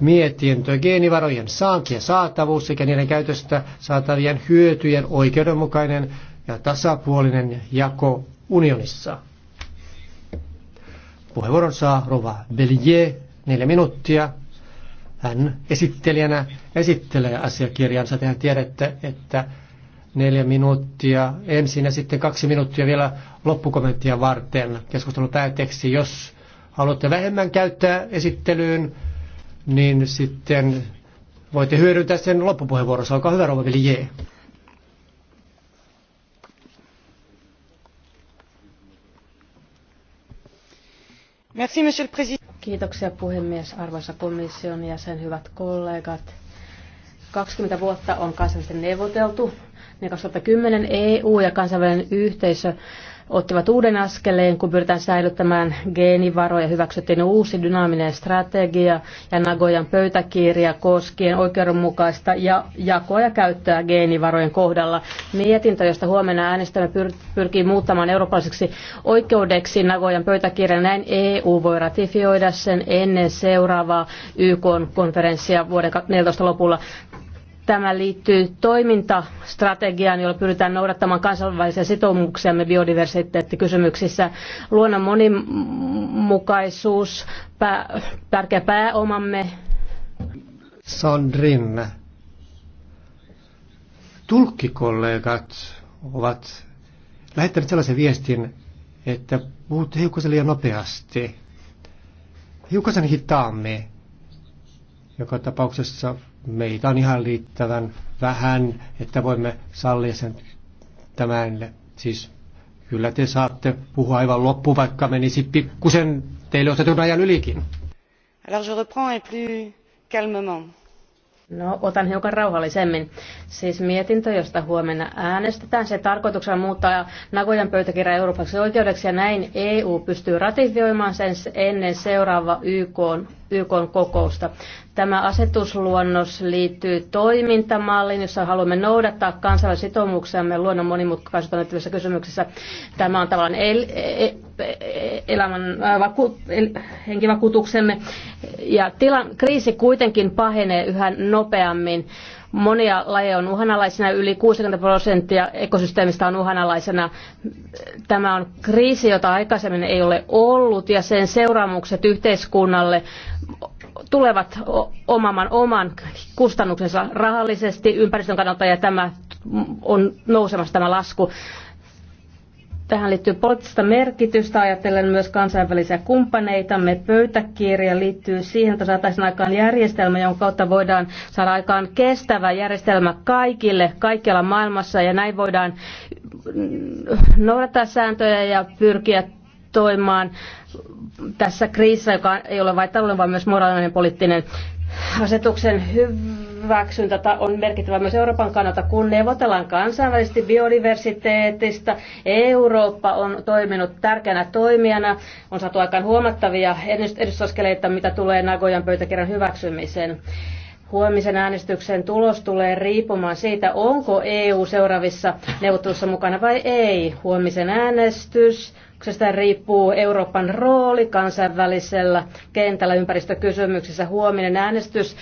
mietintö geenivarojen saanti ja saatavuus sekä niiden käytöstä saatavien hyötyjen oikeudenmukainen ja tasapuolinen jako unionissa. Puheenvuoron saa Rova Bellier, neljä minuuttia. Hän esittelijänä esittelee asiakirjansa. Tehän tiedätte, että neljä minuuttia ensin ja sitten kaksi minuuttia vielä loppukommenttia varten keskustelun päätteeksi. Jos haluatte vähemmän käyttää esittelyyn, niin sitten voitte hyödyntää sen loppupuheenvuorossa. Olkaa hyvä, Rova Vilje. Kiitoksia puhemies, arvoisa komission jäsen, hyvät kollegat. 20 vuotta on kansallisesti neuvoteltu. Ne 2010 EU ja kansainvälinen yhteisö ottivat uuden askeleen, kun pyritään säilyttämään geenivaroja. Hyväksyttiin uusi dynaaminen strategia ja Nagojan pöytäkirja koskien oikeudenmukaista ja jakoa ja käyttöä geenivarojen kohdalla. Mietintö, josta huomenna äänestämme, pyrkii muuttamaan eurooppalaiseksi oikeudeksi Nagojan pöytäkirjan. Näin EU voi ratifioida sen ennen seuraavaa YK-konferenssia vuoden 2014 lopulla. Tämä liittyy toimintastrategiaan, jolla pyritään noudattamaan kansainvälisiä sitoumuksiamme biodiversiteettikysymyksissä. Luonnon monimukaisuus, pää, tärkeä pääomamme. Sandrin. Tulkkikollegat ovat lähettäneet sellaisen viestin, että puhutte hiukkasen liian nopeasti. Hiukkasen hitaammin, Joka tapauksessa meitä on ihan liittävän vähän, että voimme sallia sen tämän. Siis kyllä te saatte puhua aivan loppu, vaikka menisi pikkusen teille otetun ajan ylikin. Alors je reprends et plus calmement. No, otan hiukan rauhallisemmin. Siis mietintö, josta huomenna äänestetään, se tarkoituksena muuttaa Nagojan pöytäkirja Euroopaksi oikeudeksi ja näin EU pystyy ratifioimaan sen ennen seuraava YK YK kokousta. Tämä asetusluonnos liittyy toimintamalliin, jossa haluamme noudattaa kansainvälisiä sitoumuksiamme luonnon monimutkaisuuteen liittyvissä kysymyksissä. Tämä on tavallaan el- el- e- e- elämän vaku- el- henkivakuutuksemme. Ja tilan, kriisi kuitenkin pahenee yhä nopeammin Monia lajeja on uhanalaisena, yli 60 prosenttia ekosysteemistä on uhanalaisena. Tämä on kriisi, jota aikaisemmin ei ole ollut, ja sen seuraamukset yhteiskunnalle tulevat omaman oman kustannuksensa rahallisesti ympäristön kannalta, ja tämä on nousemassa tämä lasku. Tähän liittyy poliittista merkitystä, ajatellen myös kansainvälisiä kumppaneitamme. Pöytäkirja liittyy siihen, että saataisiin aikaan järjestelmä, jonka kautta voidaan saada aikaan kestävä järjestelmä kaikille, kaikkialla maailmassa, ja näin voidaan noudattaa sääntöjä ja pyrkiä toimimaan tässä kriisissä, joka ei ole vain taloudellinen, vaan myös moraalinen ja poliittinen. Asetuksen hyväksyntä on merkittävä myös Euroopan kannalta, kun neuvotellaan kansainvälisesti biodiversiteetista. Eurooppa on toiminut tärkeänä toimijana, on saatu aikaan huomattavia edistysaskeleita, mitä tulee Nagojan pöytäkirjan hyväksymiseen. Huomisen äänestyksen tulos tulee riippumaan siitä, onko EU seuraavissa neuvottelussa mukana vai ei. Huomisen äänestys Kysymyksestä riippuu Euroopan rooli kansainvälisellä kentällä ympäristökysymyksissä. Huominen äänestys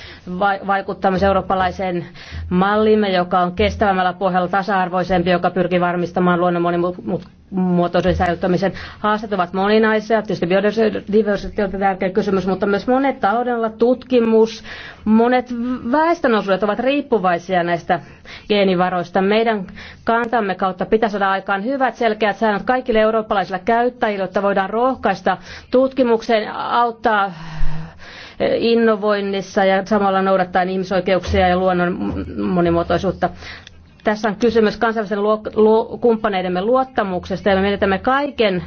vaikuttaa myös eurooppalaiseen mallimme, joka on kestävämmällä pohjalla tasa-arvoisempi, joka pyrkii varmistamaan luonnon monimuotoisuuden muotoisen säilyttämisen haasteet ovat moninaisia. Tietysti biodiversiteetti on tärkeä kysymys, mutta myös monet taloudella tutkimus, monet väestönosuudet ovat riippuvaisia näistä geenivaroista. Meidän kantamme kautta pitäisi saada aikaan hyvät selkeät säännöt kaikille eurooppalaisille käyttäjille, jotta voidaan rohkaista tutkimukseen, auttaa eh, innovoinnissa ja samalla noudattaen ihmisoikeuksia ja luonnon monimuotoisuutta. Tässä on kysymys kansainvälisten luo, luo, kumppaneidemme luottamuksesta ja me menetämme kaiken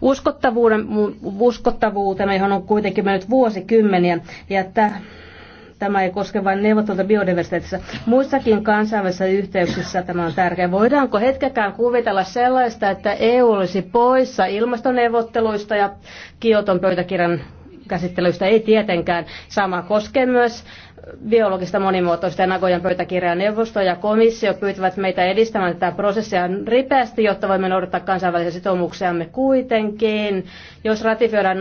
uskottavuuden, uskottavuutemme, johon on kuitenkin mennyt vuosikymmeniä. Ja tämä tämä ei koske vain neuvotonta biodiversiteetissä. Muissakin kansainvälisissä yhteyksissä tämä on tärkeää. Voidaanko hetkekään kuvitella sellaista, että EU olisi poissa ilmastoneuvotteluista ja Kioton pöytäkirjan käsittelyistä? Ei tietenkään. Sama koskee myös biologista monimuotoista ja Nagojan pöytäkirjaa neuvosto ja komissio pyytävät meitä edistämään tätä prosessia ripeästi, jotta voimme noudattaa kansainvälisiä sitoumuksiamme kuitenkin. Jos ratifioidaan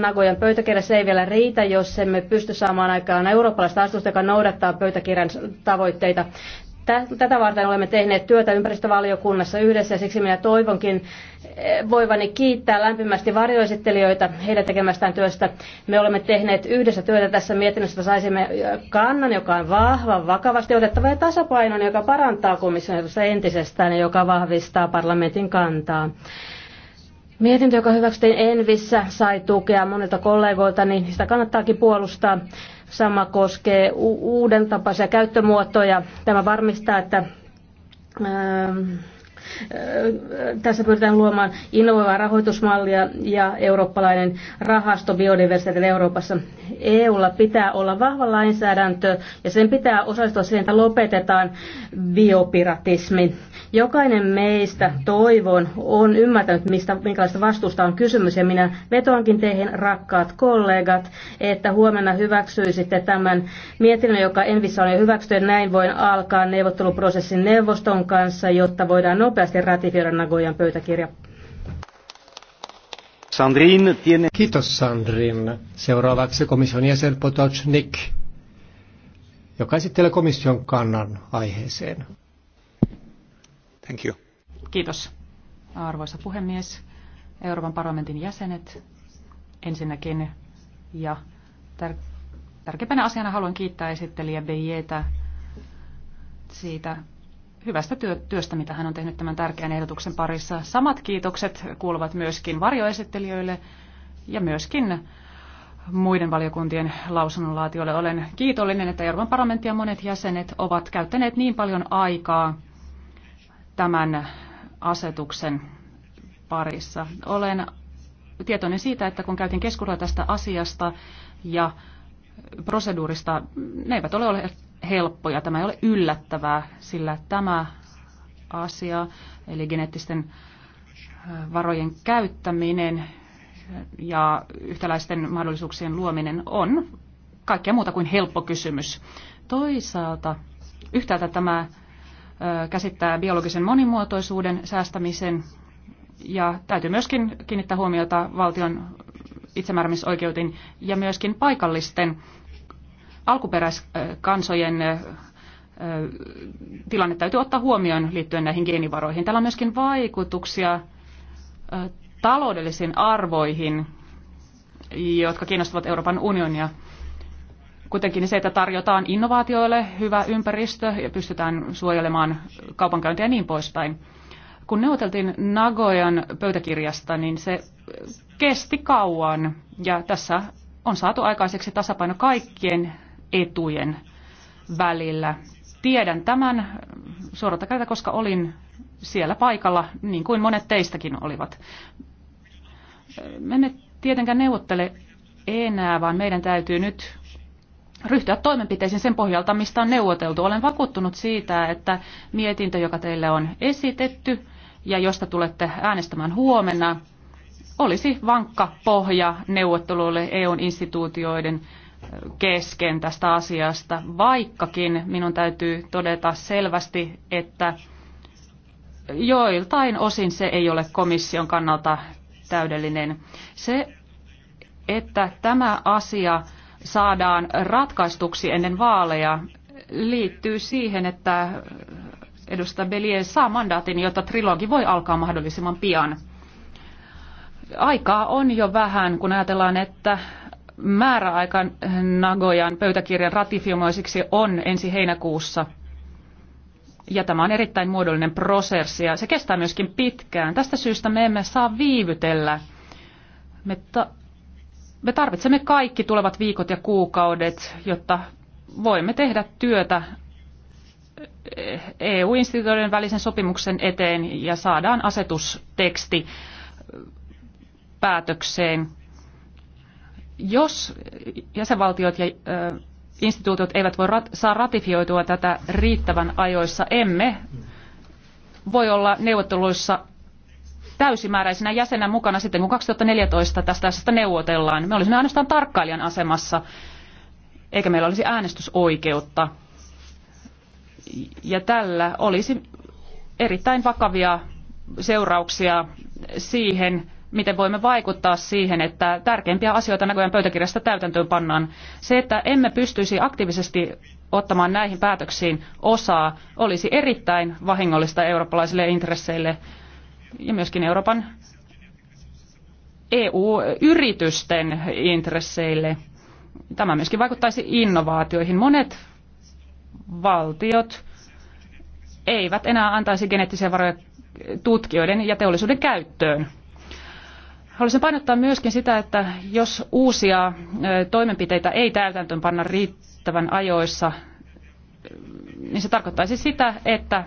Nagojan pöytäkirja, se ei vielä riitä, jos emme pysty saamaan aikaan eurooppalaista astusta, joka noudattaa pöytäkirjan tavoitteita. Tätä varten olemme tehneet työtä ympäristövaliokunnassa yhdessä ja siksi minä toivonkin eh, voivani kiittää lämpimästi varjoesittelijöitä heidän tekemästään työstä. Me olemme tehneet yhdessä työtä tässä mietinnössä, että saisimme eh, kannan, joka on vahva, vakavasti otettava ja tasapainoinen, joka parantaa komission entisestään ja joka vahvistaa parlamentin kantaa. Mietintö, joka hyväksyttiin Envissä, sai tukea monilta kollegoilta, niin sitä kannattaakin puolustaa. Sama koskee uuden tapaisia käyttömuotoja. Tämä varmistaa, että ähm, tässä pyritään luomaan innovoivaa rahoitusmallia ja eurooppalainen rahasto biodiversiteetin Euroopassa. EUlla pitää olla vahva lainsäädäntö ja sen pitää osallistua siihen, että lopetetaan biopiratismi. Jokainen meistä, toivon, on ymmärtänyt, mistä, minkälaista vastuusta on kysymys ja minä vetoankin teihin, rakkaat kollegat, että huomenna hyväksyisitte tämän mietinnön, joka Envissä on jo hyväksytty ja näin voin alkaa neuvotteluprosessin neuvoston kanssa, jotta voidaan nopeasti nopeasti ratifioida Nagojan pöytäkirja. Sandrin tiene... Kiitos Sandrin. Seuraavaksi komission jäsen Potocnik, joka esittelee komission kannan aiheeseen. Thank you. Kiitos. Arvoisa puhemies, Euroopan parlamentin jäsenet ensinnäkin ja tär- tärkeimpänä asiana haluan kiittää esittelijä Bejetä siitä hyvästä työstä, mitä hän on tehnyt tämän tärkeän ehdotuksen parissa. Samat kiitokset kuuluvat myöskin varjoesittelijöille ja myöskin muiden valiokuntien lausunnonlaatioille. Olen kiitollinen, että Euroopan parlamentti ja monet jäsenet ovat käyttäneet niin paljon aikaa tämän asetuksen parissa. Olen tietoinen siitä, että kun käytin keskustelua tästä asiasta ja proseduurista, ne eivät ole olleet ja Tämä ei ole yllättävää, sillä tämä asia, eli geneettisten äh, varojen käyttäminen ja yhtäläisten mahdollisuuksien luominen on kaikkea muuta kuin helppo kysymys. Toisaalta yhtäältä tämä äh, käsittää biologisen monimuotoisuuden säästämisen ja täytyy myöskin kiinnittää huomiota valtion itsemääräämisoikeuteen ja myöskin paikallisten alkuperäiskansojen tilanne täytyy ottaa huomioon liittyen näihin geenivaroihin. Tällä on myöskin vaikutuksia taloudellisiin arvoihin, jotka kiinnostavat Euroopan unionia. Kuitenkin se, että tarjotaan innovaatioille hyvä ympäristö ja pystytään suojelemaan kaupankäyntiä ja niin poispäin. Kun neuvoteltiin Nagojan pöytäkirjasta, niin se kesti kauan ja tässä on saatu aikaiseksi tasapaino kaikkien etujen välillä. Tiedän tämän suoralta kädeltä, koska olin siellä paikalla, niin kuin monet teistäkin olivat. Me emme tietenkään neuvottele enää, vaan meidän täytyy nyt ryhtyä toimenpiteisiin sen pohjalta, mistä on neuvoteltu. Olen vakuuttunut siitä, että mietintö, joka teille on esitetty ja josta tulette äänestämään huomenna, olisi vankka pohja neuvotteluille EUn instituutioiden kesken tästä asiasta, vaikkakin minun täytyy todeta selvästi, että joiltain osin se ei ole komission kannalta täydellinen. Se, että tämä asia saadaan ratkaistuksi ennen vaaleja, liittyy siihen, että edustaja Belier saa mandaatin, jotta trilogi voi alkaa mahdollisimman pian. Aikaa on jo vähän, kun ajatellaan, että määräaika Nagojan pöytäkirjan ratifioimiseksi on ensi heinäkuussa. Ja tämä on erittäin muodollinen prosessi ja se kestää myöskin pitkään. Tästä syystä me emme saa viivytellä. Me, ta- me tarvitsemme kaikki tulevat viikot ja kuukaudet, jotta voimme tehdä työtä EU-instituutioiden välisen sopimuksen eteen ja saadaan asetusteksti päätökseen jos jäsenvaltiot ja instituutiot eivät voi rat- saa ratifioitua tätä riittävän ajoissa, emme voi olla neuvotteluissa täysimääräisenä jäsenä mukana sitten, kun 2014 tästä asiasta neuvotellaan. Me olisimme ainoastaan tarkkailijan asemassa, eikä meillä olisi äänestysoikeutta. Ja tällä olisi erittäin vakavia seurauksia siihen, miten voimme vaikuttaa siihen, että tärkeimpiä asioita näköjään pöytäkirjasta täytäntöön pannaan. Se, että emme pystyisi aktiivisesti ottamaan näihin päätöksiin osaa, olisi erittäin vahingollista eurooppalaisille intresseille ja myöskin Euroopan EU-yritysten intresseille. Tämä myöskin vaikuttaisi innovaatioihin. Monet valtiot eivät enää antaisi geneettisiä varoja tutkijoiden ja teollisuuden käyttöön Haluaisin painottaa myöskin sitä, että jos uusia toimenpiteitä ei täytäntöön panna riittävän ajoissa, niin se tarkoittaisi sitä, että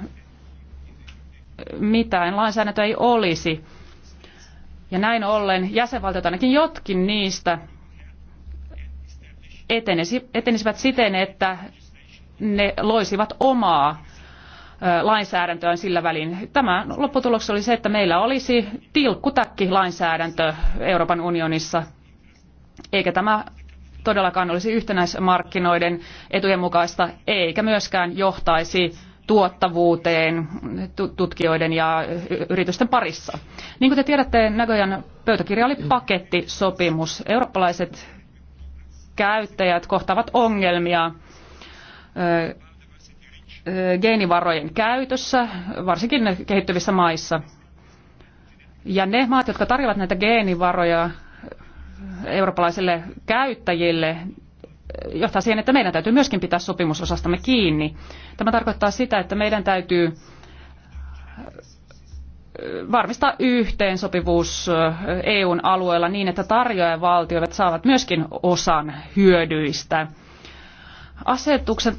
mitään lainsäädäntöä ei olisi. Ja näin ollen jäsenvaltiot, ainakin jotkin niistä, etenisivät siten, että ne loisivat omaa lainsäädäntöään sillä välin. Tämä lopputulos oli se, että meillä olisi tilkkutäkki lainsäädäntö Euroopan unionissa, eikä tämä todellakaan olisi yhtenäismarkkinoiden etujen mukaista, eikä myöskään johtaisi tuottavuuteen tutkijoiden ja yritysten parissa. Niin kuin te tiedätte, Nagojan pöytäkirja oli pakettisopimus. Eurooppalaiset käyttäjät kohtaavat ongelmia geenivarojen käytössä, varsinkin kehittyvissä maissa. Ja ne maat, jotka tarjoavat näitä geenivaroja eurooppalaisille käyttäjille, johtaa siihen, että meidän täytyy myöskin pitää sopimusosastamme kiinni. Tämä tarkoittaa sitä, että meidän täytyy varmistaa yhteensopivuus EUn alueella niin, että valtiot saavat myöskin osan hyödyistä. Asetuksen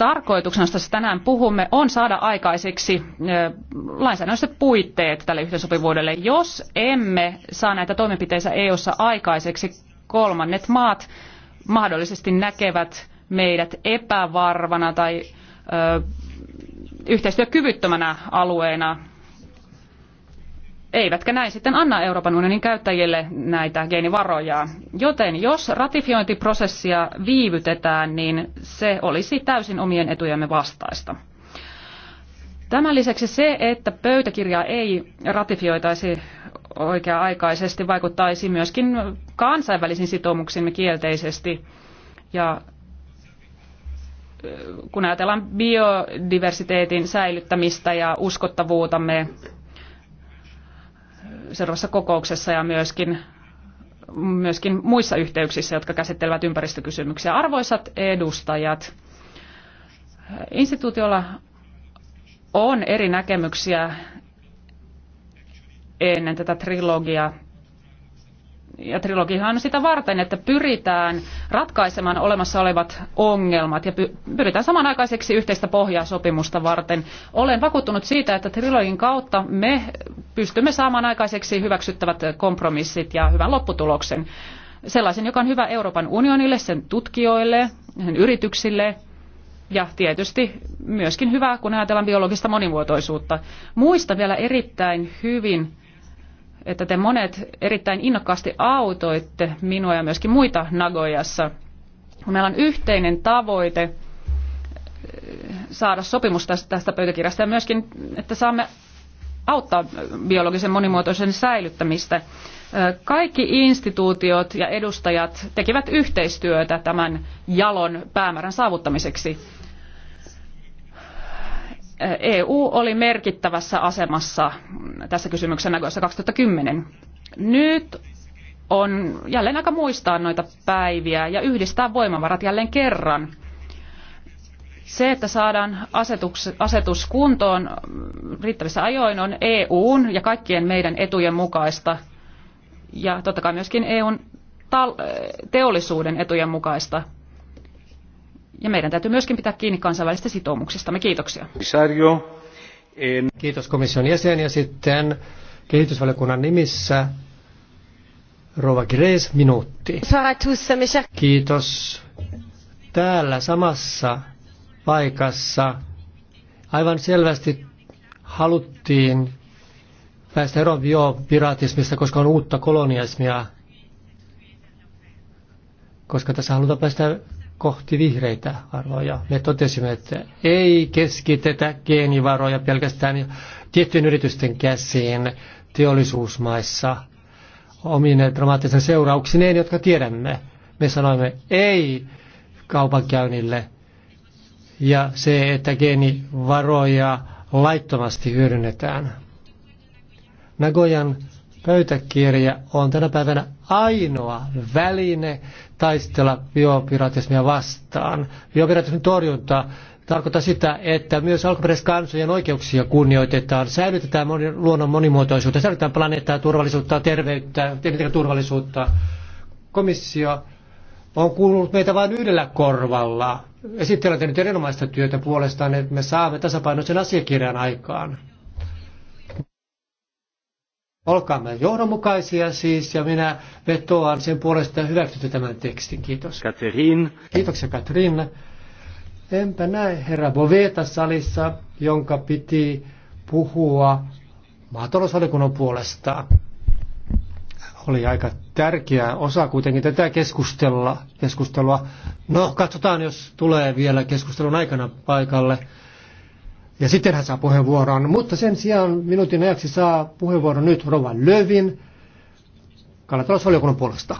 tarkoituksena, josta tänään puhumme, on saada aikaiseksi lainsäädännölliset puitteet tälle yhteensopivuudelle. Jos emme saa näitä toimenpiteitä EU-ssa aikaiseksi, kolmannet maat mahdollisesti näkevät meidät epävarvana tai yhteistyökyvyttömänä alueena eivätkä näin sitten anna Euroopan unionin käyttäjille näitä geenivaroja. Joten jos ratifiointiprosessia viivytetään, niin se olisi täysin omien etujemme vastaista. Tämän lisäksi se, että pöytäkirjaa ei ratifioitaisi oikea-aikaisesti, vaikuttaisi myöskin kansainvälisiin sitoumuksimme kielteisesti. Ja kun ajatellaan biodiversiteetin säilyttämistä ja uskottavuutamme seuraavassa kokouksessa ja myöskin, myöskin muissa yhteyksissä, jotka käsittelevät ympäristökysymyksiä. Arvoisat edustajat, instituutiolla on eri näkemyksiä ennen tätä trilogiaa ja trilogihan on sitä varten, että pyritään ratkaisemaan olemassa olevat ongelmat ja pyritään samanaikaiseksi yhteistä pohjaa sopimusta varten. Olen vakuuttunut siitä, että trilogin kautta me pystymme saamaan aikaiseksi hyväksyttävät kompromissit ja hyvän lopputuloksen. Sellaisen, joka on hyvä Euroopan unionille, sen tutkijoille, sen yrityksille ja tietysti myöskin hyvä, kun ajatellaan biologista monimuotoisuutta. Muista vielä erittäin hyvin että te monet erittäin innokkaasti autoitte minua ja myöskin muita Nagojassa. Meillä on yhteinen tavoite eh, saada sopimus tästä pöytäkirjasta ja myöskin, että saamme auttaa biologisen monimuotoisen säilyttämistä. Eh, kaikki instituutiot ja edustajat tekivät yhteistyötä tämän jalon päämäärän saavuttamiseksi. EU oli merkittävässä asemassa tässä kysymyksessä näköissä 2010. Nyt on jälleen aika muistaa noita päiviä ja yhdistää voimavarat jälleen kerran. Se, että saadaan asetus, asetus kuntoon riittävissä ajoin, on EUn ja kaikkien meidän etujen mukaista. Ja totta kai myöskin EUn teollisuuden etujen mukaista ja meidän täytyy myöskin pitää kiinni kansainvälisistä sitoumuksistamme. Kiitoksia. Kiitos komission jäsen ja sitten kehitysvaliokunnan nimissä Rova Grace, minuutti. Kiitos. Täällä samassa paikassa aivan selvästi haluttiin päästä eroon biopiraatismista, koska on uutta kolonialismia, koska tässä halutaan päästä kohti vihreitä varoja. Me totesimme, että ei keskitetä geenivaroja pelkästään tiettyjen yritysten käsiin teollisuusmaissa omine dramaattisen seurauksineen, jotka tiedämme. Me sanoimme ei kaupankäynnille ja se, että geenivaroja laittomasti hyödynnetään. Nagojan Pöytäkirja on tänä päivänä ainoa väline taistella biopiratismia vastaan. Biopiratismin torjunta tarkoittaa sitä, että myös alkuperäiskansojen oikeuksia kunnioitetaan, säilytetään moni, luonnon monimuotoisuutta, säilytetään planeettaa, turvallisuutta, terveyttä, tekniikan turvallisuutta. Komissio on kuullut meitä vain yhdellä korvalla. Esittelen on tehnyt erinomaista työtä puolestaan, että me saamme tasapainoisen asiakirjan aikaan. Olkaamme johdonmukaisia siis, ja minä vetoan sen puolesta hyväksytty tämän tekstin. Kiitos. Katrin. Kiitoksia Katrin. Enpä näe herra Boveta salissa, jonka piti puhua maatalousvaliokunnan puolesta. Oli aika tärkeä osa kuitenkin tätä keskustella, keskustelua. No, katsotaan, jos tulee vielä keskustelun aikana paikalle ja sitten hän saa puheenvuoron, mutta sen sijaan minuutin ajaksi saa puheenvuoron nyt Rova Lövin kalatalousvaliokunnan puolesta.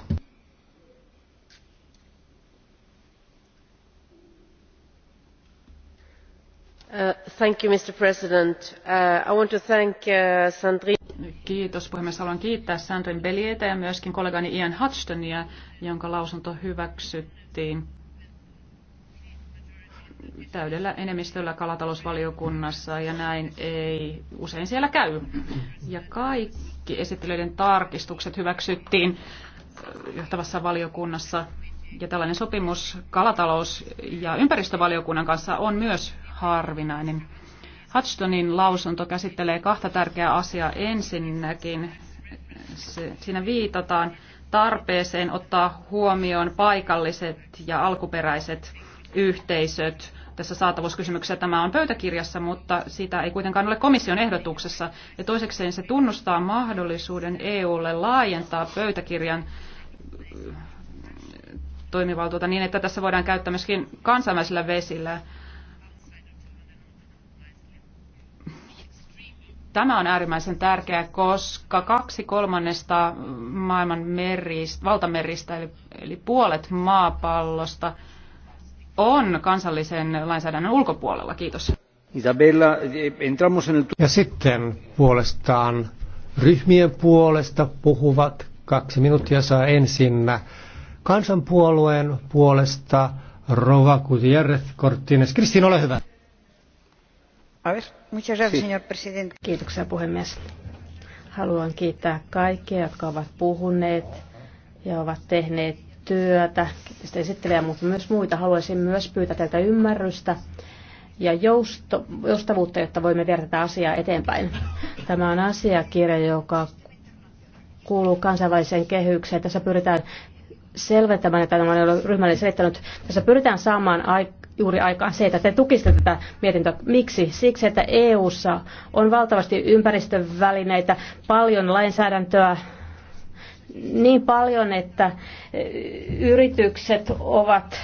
Uh, thank you, Mr. President. Uh, I want to thank uh, Sandrine. Kiitos puhemies. Haluan kiittää Sandrin Belietä ja myöskin kollegani Ian Hutchtonia, jonka lausunto hyväksyttiin täydellä enemmistöllä kalatalousvaliokunnassa ja näin ei usein siellä käy. Ja kaikki esittelyiden tarkistukset hyväksyttiin johtavassa valiokunnassa ja tällainen sopimus kalatalous- ja ympäristövaliokunnan kanssa on myös harvinainen. Hudstonin lausunto käsittelee kahta tärkeää asiaa. Ensinnäkin se, siinä viitataan tarpeeseen ottaa huomioon paikalliset ja alkuperäiset yhteisöt tässä saatavuuskysymyksessä tämä on pöytäkirjassa, mutta sitä ei kuitenkaan ole komission ehdotuksessa. Ja toisekseen se tunnustaa mahdollisuuden EUlle laajentaa pöytäkirjan äh, toimivaltuutta niin, että tässä voidaan käyttää myöskin kansainvälisillä vesillä. Tämä on äärimmäisen tärkeää, koska kaksi kolmannesta maailman meristä, valtameristä, eli, eli puolet maapallosta, on kansallisen lainsäädännön ulkopuolella. Kiitos. Isabella, entramos en el... Ja sitten puolestaan ryhmien puolesta puhuvat. Kaksi minuuttia saa ensin kansanpuolueen puolesta Rova Gutierrez Cortines. Kristiin, ole hyvä. Kiitoksia puhemies. Haluan kiittää kaikkia, jotka ovat puhuneet ja ovat tehneet työtä, esittelijä, mutta myös muita. Haluaisin myös pyytää teiltä ymmärrystä ja jousto, joustavuutta, jotta voimme viedä tätä asiaa eteenpäin. Tämä on asiakirja, joka kuuluu kansainväliseen kehykseen. Tässä pyritään selventämään, että tämä on ryhmälle selittänyt. Tässä pyritään saamaan aikaa juuri aikaan se, että te tukisitte tätä mietintöä. Miksi? Siksi, että EU:ssa on valtavasti ympäristövälineitä, paljon lainsäädäntöä, niin paljon, että eh, yritykset ovat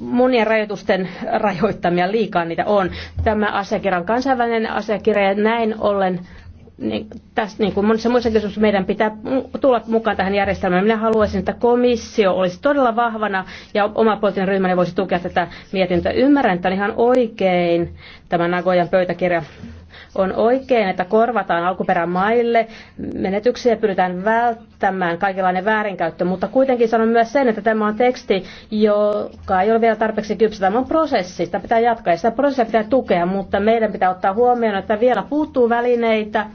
monien rajoitusten rajoittamia, liikaa niitä on. Tämä asiakirja on kansainvälinen asiakirja ja näin ollen niin, tässä, niin kuin monissa muissa kysymyksissä meidän pitää tulla mukaan tähän järjestelmään. Minä haluaisin, että komissio olisi todella vahvana ja oma poliittinen ryhmäni voisi tukea tätä mietintöä. Ymmärrän on ihan oikein, tämän Nagojan pöytäkirja on oikein, että korvataan alkuperämaille menetyksiä pyritään välttämään kaikenlainen väärinkäyttö, mutta kuitenkin sanon myös sen, että tämä on teksti, joka ei ole vielä tarpeeksi kypsä. Tämä on prosessi, sitä pitää jatkaa ja sitä prosessia pitää tukea, mutta meidän pitää ottaa huomioon, että vielä puuttuu välineitä,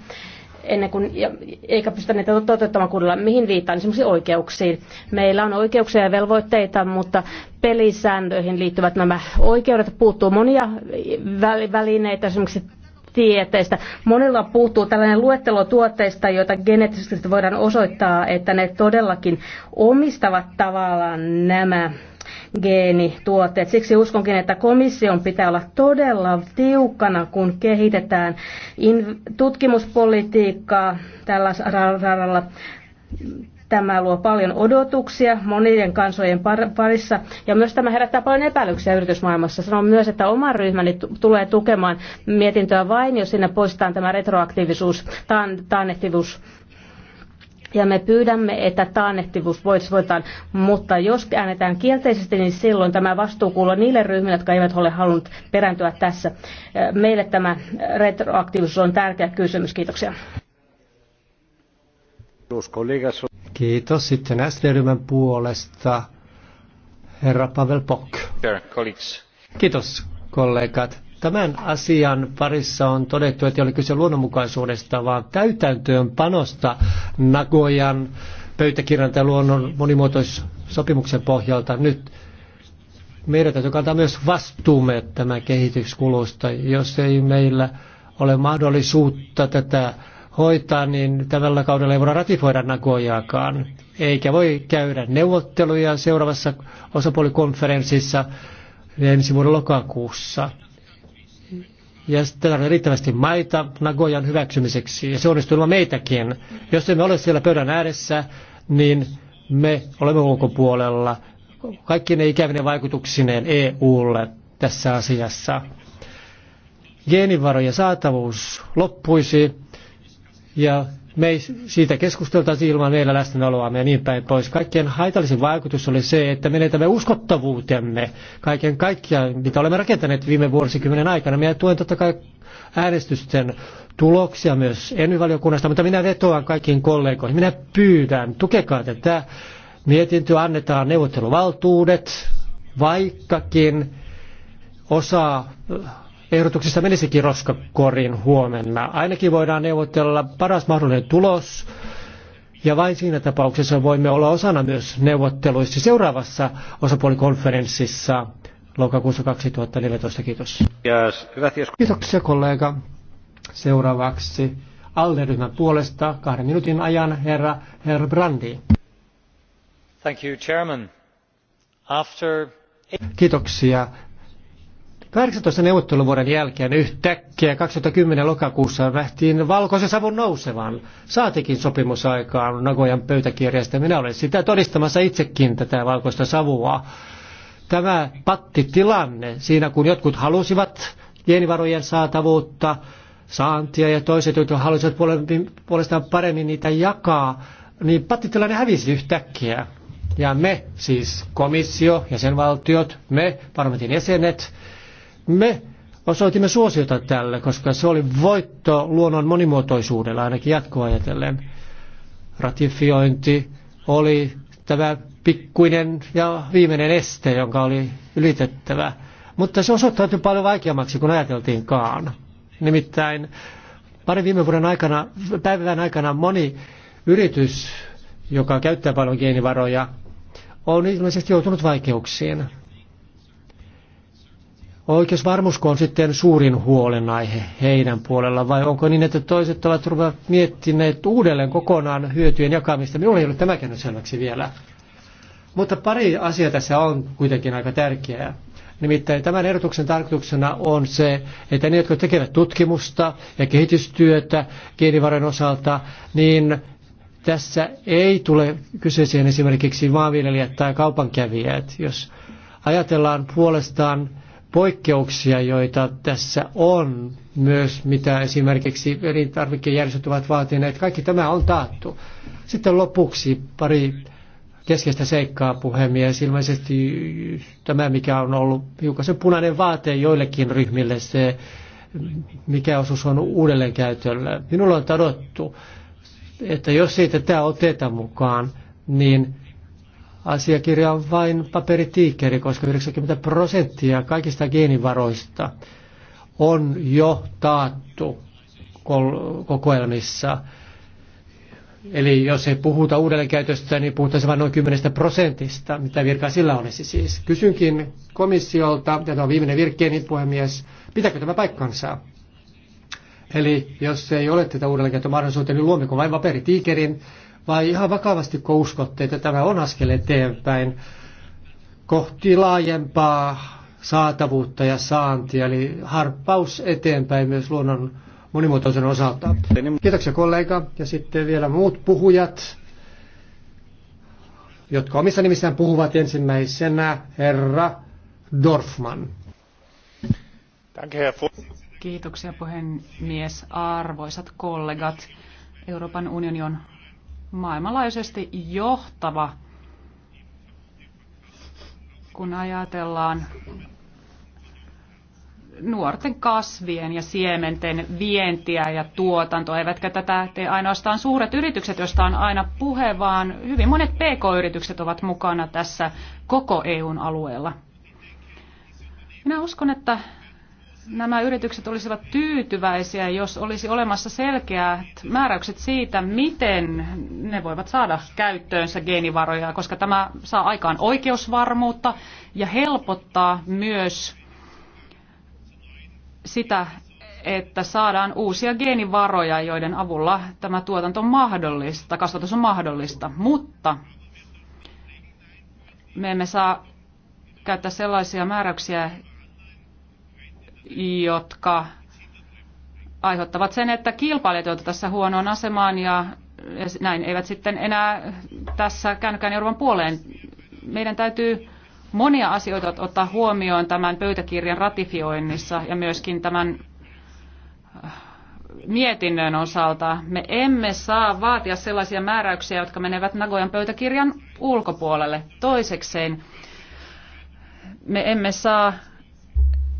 ennen kuin, ja, eikä pystytä niitä toteuttamaan kunnolla, mihin viittaan esimerkiksi oikeuksiin. Meillä on oikeuksia ja velvoitteita, mutta pelisääntöihin liittyvät nämä oikeudet puuttuu monia välineitä, esimerkiksi tieteistä. Monilla puuttuu tällainen luettelo tuotteista, joita geneettisesti voidaan osoittaa, että ne todellakin omistavat tavallaan nämä geenituotteet. Siksi uskonkin, että komission pitää olla todella tiukkana, kun kehitetään tutkimuspolitiikkaa tällä saralla Tämä luo paljon odotuksia monien kansojen parissa ja myös tämä herättää paljon epäilyksiä yritysmaailmassa. Sanon myös, että oma ryhmäni tulee tukemaan mietintöä vain, jos sinne poistetaan tämä retroaktiivisuus, taannehtivuus ja me pyydämme, että taannehtivuus voitetaan, mutta jos äänetään kielteisesti, niin silloin tämä vastuu kuuluu niille ryhmille, jotka eivät ole halunneet perääntyä tässä. Meille tämä retroaktiivisuus on tärkeä kysymys. Kiitoksia. Kiitos. Sitten SD-ryhmän puolesta herra Pavel Pock. Kiitos kollegat. Tämän asian parissa on todettu, että ei ole kyse luonnonmukaisuudesta, vaan täytäntöön panosta Nagojan pöytäkirjan tai luonnon monimuotoissopimuksen pohjalta nyt. Meidän täytyy kantaa myös vastuumme tämän kehityskulusta, jos ei meillä ole mahdollisuutta tätä hoitaa, niin tällä kaudella ei voida ratifoida Nagojaakaan. Eikä voi käydä neuvotteluja seuraavassa osapuolikonferenssissa ensi vuoden lokakuussa. Ja sitten on riittävästi maita Nagojan hyväksymiseksi, ja se onnistuu ilman meitäkin. Jos emme ole siellä pöydän ääressä, niin me olemme ulkopuolella kaikki ne ikävinen vaikutuksineen EUlle tässä asiassa. Geenivarojen saatavuus loppuisi ja me ei siitä keskusteltaisi ilman meillä läsnäoloamme ja niin päin pois. Kaikkien haitallisin vaikutus oli se, että menetämme uskottavuutemme kaiken kaikkiaan, mitä olemme rakentaneet viime vuosikymmenen aikana. Minä tuen totta kai äänestysten tuloksia myös ENY-valiokunnasta, mutta minä vetoan kaikkiin kollegoihin. Minä pyydän, tukekaa tätä mietintöä, annetaan neuvotteluvaltuudet, vaikkakin osa ehdotuksista menisikin roskakoriin huomenna. Ainakin voidaan neuvotella paras mahdollinen tulos, ja vain siinä tapauksessa voimme olla osana myös neuvotteluissa seuraavassa osapuolikonferenssissa lokakuussa 2014. Kiitos. Kiitoksia kollega. Seuraavaksi ALDE-ryhmän puolesta kahden minuutin ajan herra, herra Brandi. Thank you, chairman. After... Kiitoksia 18 neuvotteluvuoden jälkeen yhtäkkiä 2010 lokakuussa lähtiin valkoisen savun nousevan. Saatikin sopimusaikaan Nagojan pöytäkirjasta. Minä olen sitä todistamassa itsekin tätä valkoista savua. Tämä pattitilanne siinä, kun jotkut halusivat pienivarojen saatavuutta, saantia ja toiset, jotka halusivat puolestaan paremmin niitä jakaa, niin pattitilanne hävisi yhtäkkiä. Ja me, siis komissio ja sen valtiot, me, parlamentin jäsenet, me osoitimme suosiota tälle, koska se oli voitto luonnon monimuotoisuudella ainakin jatkoa ajatellen. Ratifiointi oli tämä pikkuinen ja viimeinen este, jonka oli ylitettävä. Mutta se osoittautui paljon vaikeammaksi kuin ajateltiinkaan. Nimittäin parin viime vuoden aikana, päivän aikana moni yritys, joka käyttää paljon geenivaroja, on ilmeisesti joutunut vaikeuksiin. Oikeusvarmuusko on sitten suurin huolenaihe heidän puolella vai onko niin, että toiset ovat ruvenneet miettineet uudelleen kokonaan hyötyjen jakamista? Minulla ei ole tämä selväksi vielä. Mutta pari asiaa tässä on kuitenkin aika tärkeää. Nimittäin tämän ehdotuksen tarkoituksena on se, että ne, jotka tekevät tutkimusta ja kehitystyötä geenivarojen osalta, niin tässä ei tule kyseeseen esimerkiksi maanviljelijät tai kaupankävijät. Jos ajatellaan puolestaan poikkeuksia, joita tässä on, myös mitä esimerkiksi elintarvikejärjestöt ovat vaatineet. Kaikki tämä on taattu. Sitten lopuksi pari keskeistä seikkaa, puhemies. Ilmeisesti tämä, mikä on ollut hiukan se punainen vaate joillekin ryhmille, se mikä osuus on uudelleenkäytöllä. Minulla on tarottu, että jos siitä tämä oteta mukaan, niin asiakirja on vain paperitiikeri, koska 90 prosenttia kaikista geenivaroista on jo taattu kokoelmissa. Eli jos ei puhuta uudelleenkäytöstä, niin puhutaan vain noin 10 prosentista, mitä virkaa sillä olisi siis. Kysynkin komissiolta, ja tämä on viimeinen virkkeeni niin puhemies, pitääkö tämä paikkansa? Eli jos ei ole tätä uudelleenkäyttömahdollisuutta, niin luommeko vain paperitiikerin, vai ihan vakavasti uskotte, että tämä on askel eteenpäin kohti laajempaa saatavuutta ja saantia, eli harppaus eteenpäin myös luonnon monimuotoisen osalta. Kiitoksia kollega ja sitten vielä muut puhujat, jotka omissa nimissään puhuvat ensimmäisenä herra Dorfman. Kiitoksia puhemies, arvoisat kollegat. Euroopan unioni on maailmanlaajuisesti johtava, kun ajatellaan nuorten kasvien ja siementen vientiä ja tuotantoa, eivätkä tätä tee ainoastaan suuret yritykset, joista on aina puhe, vaan hyvin monet pk-yritykset ovat mukana tässä koko EUn alueella. Minä uskon, että nämä yritykset olisivat tyytyväisiä, jos olisi olemassa selkeät määräykset siitä, miten ne voivat saada käyttöönsä geenivaroja, koska tämä saa aikaan oikeusvarmuutta ja helpottaa myös sitä, että saadaan uusia geenivaroja, joiden avulla tämä tuotanto on mahdollista, kasvatus on mahdollista, mutta me emme saa käyttää sellaisia määräyksiä, jotka aiheuttavat sen, että kilpailijat joutuvat tässä huonoon asemaan ja näin eivät sitten enää tässä käännykään Euroopan puoleen. Meidän täytyy monia asioita ottaa huomioon tämän pöytäkirjan ratifioinnissa ja myöskin tämän äh, mietinnön osalta. Me emme saa vaatia sellaisia määräyksiä, jotka menevät Nagojan pöytäkirjan ulkopuolelle. Toisekseen me emme saa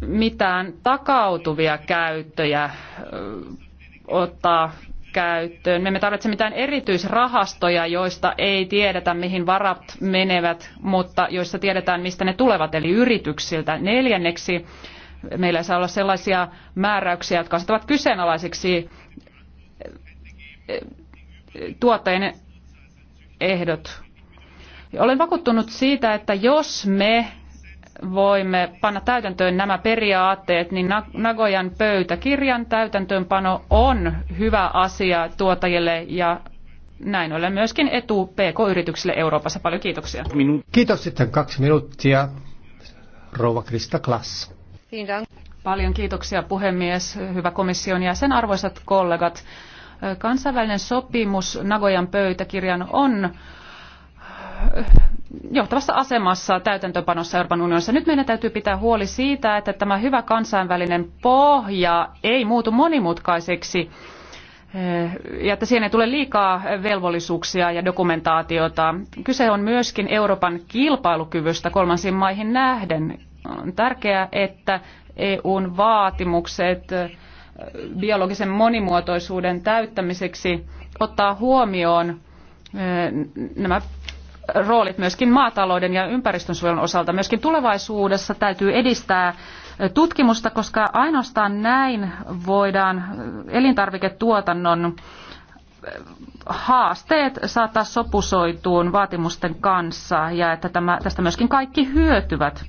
mitään takautuvia käyttöjä ottaa käyttöön. Me emme tarvitse mitään erityisrahastoja, joista ei tiedetä, mihin varat menevät, mutta joissa tiedetään, mistä ne tulevat, eli yrityksiltä. Neljänneksi meillä ei saa olla sellaisia määräyksiä, jotka asettavat kyseenalaisiksi tuottajien ehdot. Olen vakuuttunut siitä, että jos me voimme panna täytäntöön nämä periaatteet, niin Nagojan pöytäkirjan täytäntöönpano on hyvä asia tuottajille ja näin ollen myöskin etu PK-yrityksille Euroopassa. Paljon kiitoksia. Kiitos sitten kaksi minuuttia. Rouva Krista Klass. Paljon kiitoksia puhemies, hyvä komission jäsen, arvoisat kollegat. Kansainvälinen sopimus Nagojan pöytäkirjan on johtavassa asemassa täytäntöpanossa Euroopan unionissa. Nyt meidän täytyy pitää huoli siitä, että tämä hyvä kansainvälinen pohja ei muutu monimutkaiseksi eh, ja että siihen ei tule liikaa velvollisuuksia ja dokumentaatiota. Kyse on myöskin Euroopan kilpailukyvystä kolmansiin maihin nähden. On tärkeää, että EUn vaatimukset eh, biologisen monimuotoisuuden täyttämiseksi ottaa huomioon eh, nämä roolit myöskin maatalouden ja ympäristönsuojelun osalta. Myöskin tulevaisuudessa täytyy edistää tutkimusta, koska ainoastaan näin voidaan elintarviketuotannon haasteet saattaa sopusoituun vaatimusten kanssa ja että tämä, tästä myöskin kaikki hyötyvät.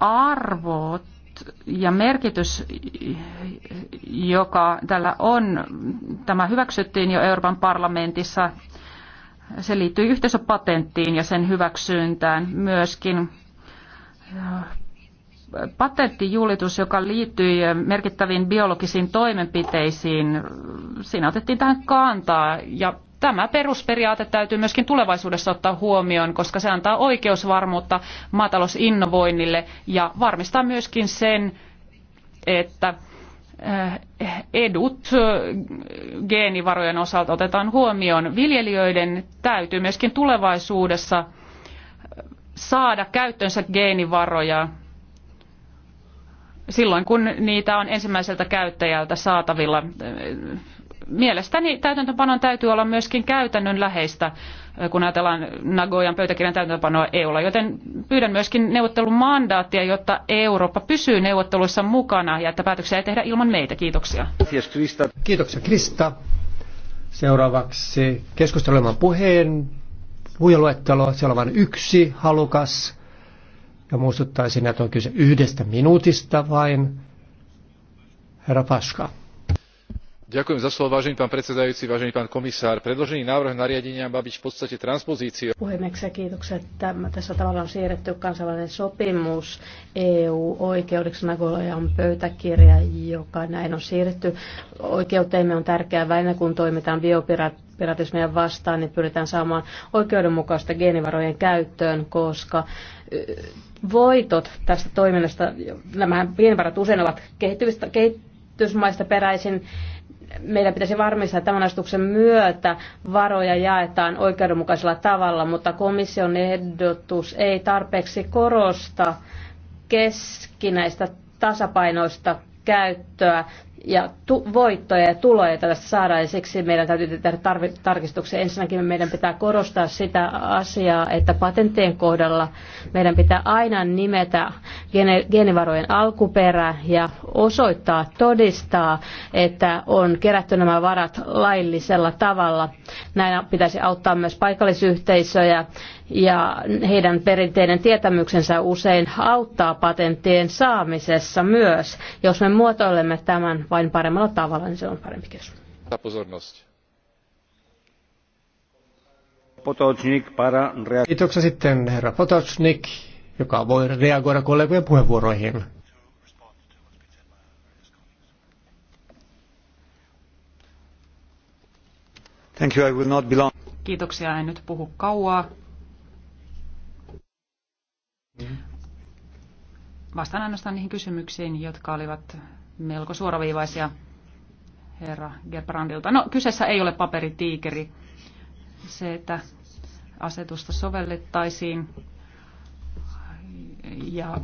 Arvot ja merkitys, joka tällä on, tämä hyväksyttiin jo Euroopan parlamentissa se liittyy yhteisöpatenttiin ja sen hyväksyntään myöskin patenttijulitus, joka liittyy merkittäviin biologisiin toimenpiteisiin, siinä otettiin tähän kantaa ja tämä perusperiaate täytyy myöskin tulevaisuudessa ottaa huomioon, koska se antaa oikeusvarmuutta maatalousinnovoinnille ja varmistaa myöskin sen, että Äh, edut äh, geenivarojen osalta otetaan huomioon. Viljelijöiden täytyy myöskin tulevaisuudessa saada käyttöönsä geenivaroja silloin, kun niitä on ensimmäiseltä käyttäjältä saatavilla mielestäni täytäntöpanon täytyy olla myöskin käytännönläheistä, kun ajatellaan Nagojan pöytäkirjan täytäntöpanoa EUlla. Joten pyydän myöskin neuvottelun mandaattia, jotta Eurooppa pysyy neuvotteluissa mukana ja että päätöksiä ei tehdä ilman meitä. Kiitoksia. Kiitoksia Krista. Seuraavaksi keskustelemaan puheen puhujaluettelo. Siellä on vain yksi halukas. Ja muistuttaisin, että on kyse yhdestä minuutista vain. Herra Paska predložený návrh nariadenia má byť v podstate transpozíciou. puhemieheksi kiitokset. Tämä, tässä tavallaan on siirretty kansainvälinen sopimus EU-oikeudeksi Nagoyan pöytäkirja, joka näin on siirretty. Oikeuteemme on tärkeä väline, kun toimitaan biopiratismia vastaan, niin pyritään saamaan oikeudenmukaista geenivarojen käyttöön, koska voitot tästä toiminnasta, nämä geenivarat usein ovat kehittyvistä, kehittyvistä kehitysmaista peräisin meidän pitäisi varmistaa, että tämän asetuksen myötä varoja jaetaan oikeudenmukaisella tavalla, mutta komission ehdotus ei tarpeeksi korosta keskinäistä tasapainoista käyttöä ja tu- voittoja ja tuloja tällaista saadaan. ja siksi meidän täytyy tehdä tarvi- tarkistuksia. Ensinnäkin meidän pitää korostaa sitä asiaa, että patenttien kohdalla meidän pitää aina nimetä gene- geenivarojen alkuperä ja osoittaa, todistaa, että on kerätty nämä varat laillisella tavalla. Näin pitäisi auttaa myös paikallisyhteisöjä ja heidän perinteinen tietämyksensä usein auttaa patenttien saamisessa myös. Jos me muotoilemme tämän vain paremmalla tavalla, niin se on parempi. Kiitos. Kiitoksia sitten herra Potocnik, joka voi reagoida kollegojen puheenvuoroihin. Thank you, I will not belong. Kiitoksia, en nyt puhu kauaa. Mm-hmm. Vastaan ainoastaan niihin kysymyksiin, jotka olivat melko suoraviivaisia herra Gerbrandilta. No, kyseessä ei ole paperitiikeri. Se, että asetusta sovellettaisiin ja äh,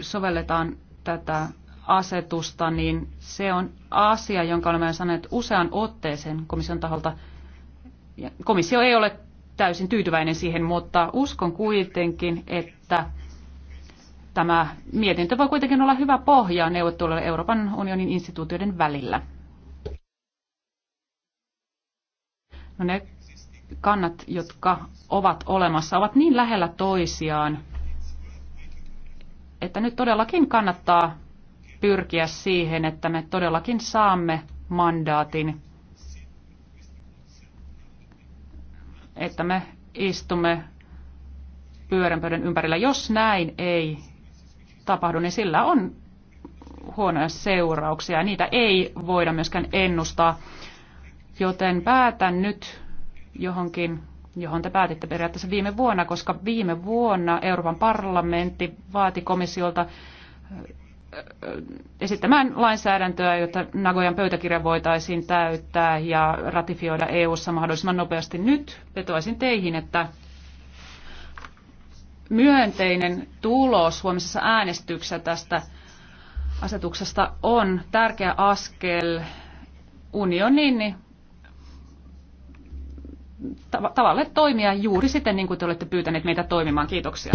sovelletaan tätä asetusta, niin se on asia, jonka olemme saaneet usean otteeseen komission taholta. Komissio ei ole täysin tyytyväinen siihen, mutta uskon kuitenkin, että tämä mietintö voi kuitenkin olla hyvä pohja neuvotteluille Euroopan unionin instituutioiden välillä. No ne kannat, jotka ovat olemassa, ovat niin lähellä toisiaan, että nyt todellakin kannattaa pyrkiä siihen, että me todellakin saamme mandaatin että me istumme pyöränpöydän ympärillä. Jos näin ei tapahdu, niin sillä on huonoja seurauksia ja niitä ei voida myöskään ennustaa. Joten päätän nyt johonkin, johon te päätitte periaatteessa viime vuonna, koska viime vuonna Euroopan parlamentti vaati komissiolta esittämään lainsäädäntöä, jotta Nagojan pöytäkirja voitaisiin täyttää ja ratifioida EU-ssa mahdollisimman nopeasti. Nyt vetoaisin teihin, että myönteinen tulos huomisessa äänestyksessä tästä asetuksesta on tärkeä askel unionin tavalle toimia juuri siten, niin kuin te olette pyytäneet meitä toimimaan. Kiitoksia.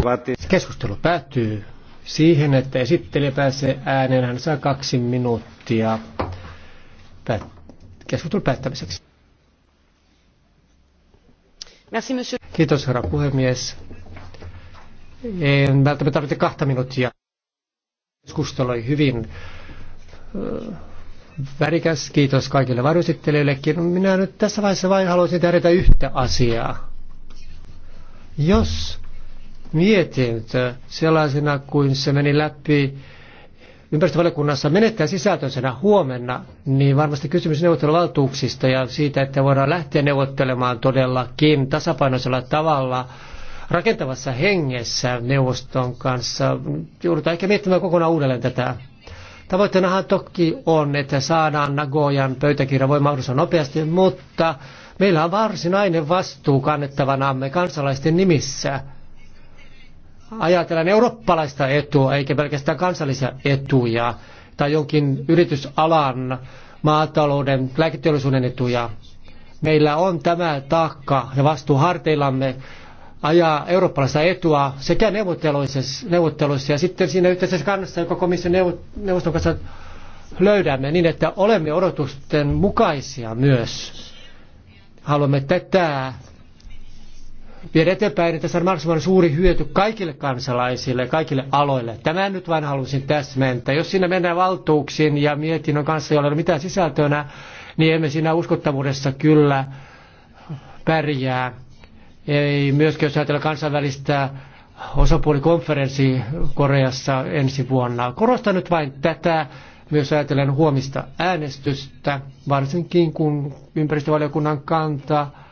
Keskustelu päättyy siihen, että esittelijä pääsee ääneen. Hän saa kaksi minuuttia päät- keskustelun päättämiseksi. Merci, monsieur. Kiitos, herra puhemies. En välttämättä tarvitse kahta minuuttia. Keskustelu oli hyvin värikäs. Kiitos kaikille varjoesittelijöillekin. Minä nyt tässä vaiheessa vain haluaisin tärjätä yhtä asiaa. Jos mietintö sellaisena kuin se meni läpi ympäristövaliokunnassa menettää sisältöisenä huomenna, niin varmasti kysymys neuvotteluvaltuuksista ja siitä, että voidaan lähteä neuvottelemaan todellakin tasapainoisella tavalla rakentavassa hengessä neuvoston kanssa. Joudutaan ehkä miettimään kokonaan uudelleen tätä. Tavoitteenahan toki on, että saadaan Nagojan pöytäkirja voi mahdollisimman nopeasti, mutta meillä on varsinainen vastuu kannettavanamme kansalaisten nimissä – ajatellaan eurooppalaista etua eikä pelkästään kansallisia etuja tai jonkin yritysalan, maatalouden, lääketeollisuuden etuja. Meillä on tämä taakka ja vastuu harteillamme ajaa eurooppalaista etua sekä neuvotteluissa, neuvotteluissa ja sitten siinä yhteisessä kannassa, joka komission neuvoston kanssa löydämme, niin että olemme odotusten mukaisia myös. Haluamme tätä viedä eteenpäin, että niin on mahdollisimman suuri hyöty kaikille kansalaisille, kaikille aloille. Tämän nyt vain halusin täsmentää. Jos siinä mennään valtuuksiin ja mietinnön kanssa, jolla ei ole mitään sisältöä, niin emme siinä uskottavuudessa kyllä pärjää. Ei myöskään, jos ajatellaan kansainvälistä osapuolikonferenssi Koreassa ensi vuonna. Korostan nyt vain tätä, myös ajatellen huomista äänestystä, varsinkin kun ympäristövaliokunnan kantaa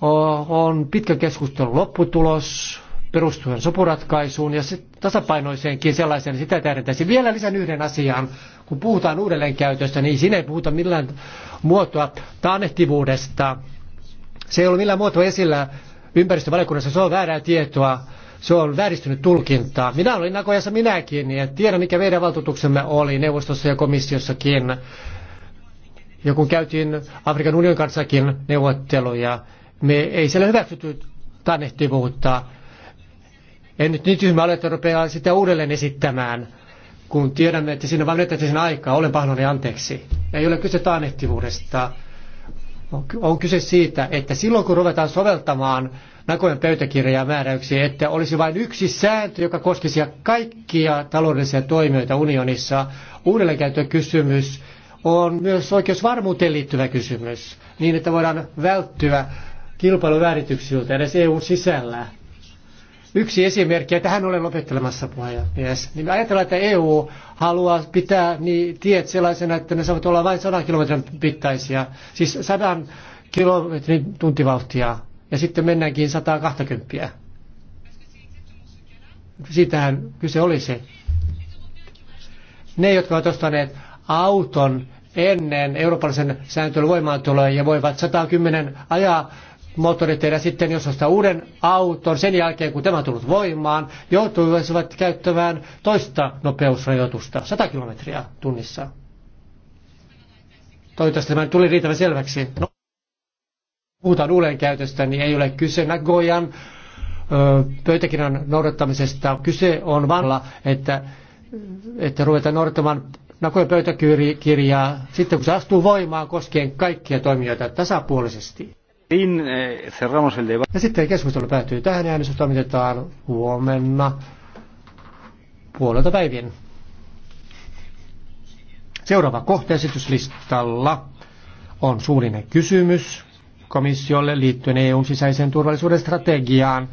on pitkä keskustelun lopputulos perustuen sopuratkaisuun ja tasapainoiseenkin sellaiseen, niin sitä tähdentäisin. Vielä lisän yhden asian, kun puhutaan uudelleenkäytöstä, niin siinä ei puhuta millään muotoa taannehtivuudesta. Se ei ollut millään muotoa esillä ympäristövaliokunnassa, se on väärää tietoa, se on vääristynyt tulkinta. Minä olin näköjässä minäkin ja niin tiedän, mikä meidän valtuutuksemme oli neuvostossa ja komissiossakin. Ja kun käytiin Afrikan unionin kanssakin neuvotteluja, me ei siellä hyväksytty taannehtivuutta. En nyt nyt niin tyhmä ole, että rupeaa sitä uudelleen esittämään, kun tiedämme, että siinä vain sen aikaa. Olen pahoillani anteeksi. Ei ole kyse taannehtivuudesta. On kyse siitä, että silloin kun ruvetaan soveltamaan Nakojen pöytäkirjaa määräyksiä, että olisi vain yksi sääntö, joka koskisi kaikkia taloudellisia toimijoita unionissa. Uudelleenkäyttökysymys on myös oikeusvarmuuteen liittyvä kysymys, niin että voidaan välttyä kilpailuväärityksiltä edes EUn sisällä. Yksi esimerkki, ja tähän olen lopettelemassa puheenjohtajas, niin ajatellaan, että EU haluaa pitää niin tiet sellaisena, että ne saavat olla vain 100 kilometrin pittaisia, siis 100 kilometrin tuntivauhtia, ja sitten mennäänkin 120. Siitähän kyse olisi. Ne, jotka ovat ostaneet auton ennen eurooppalaisen sääntelyn voimaantuloa ja voivat 110 ajaa moottoriteillä sitten, jos ostaa uuden auton sen jälkeen, kun tämä on tullut voimaan, joutuisivat käyttämään toista nopeusrajoitusta, 100 kilometriä tunnissa. Toivottavasti tämä tuli riittävän selväksi. No, puhutaan uuden käytöstä, niin ei ole kyse Nagojan pöytäkirjan noudattamisesta. Kyse on vanha, että, että ruvetaan noudattamaan Nagojan pöytäkirjaa sitten, kun se astuu voimaan koskien kaikkia toimijoita tasapuolisesti. Eh, ja sitten keskustelu päättyy tähän ja äänestys toimitetaan huomenna puolelta päivien. Seuraava kohteesityslistalla on suullinen kysymys komissiolle liittyen EUn sisäiseen turvallisuuden strategiaan.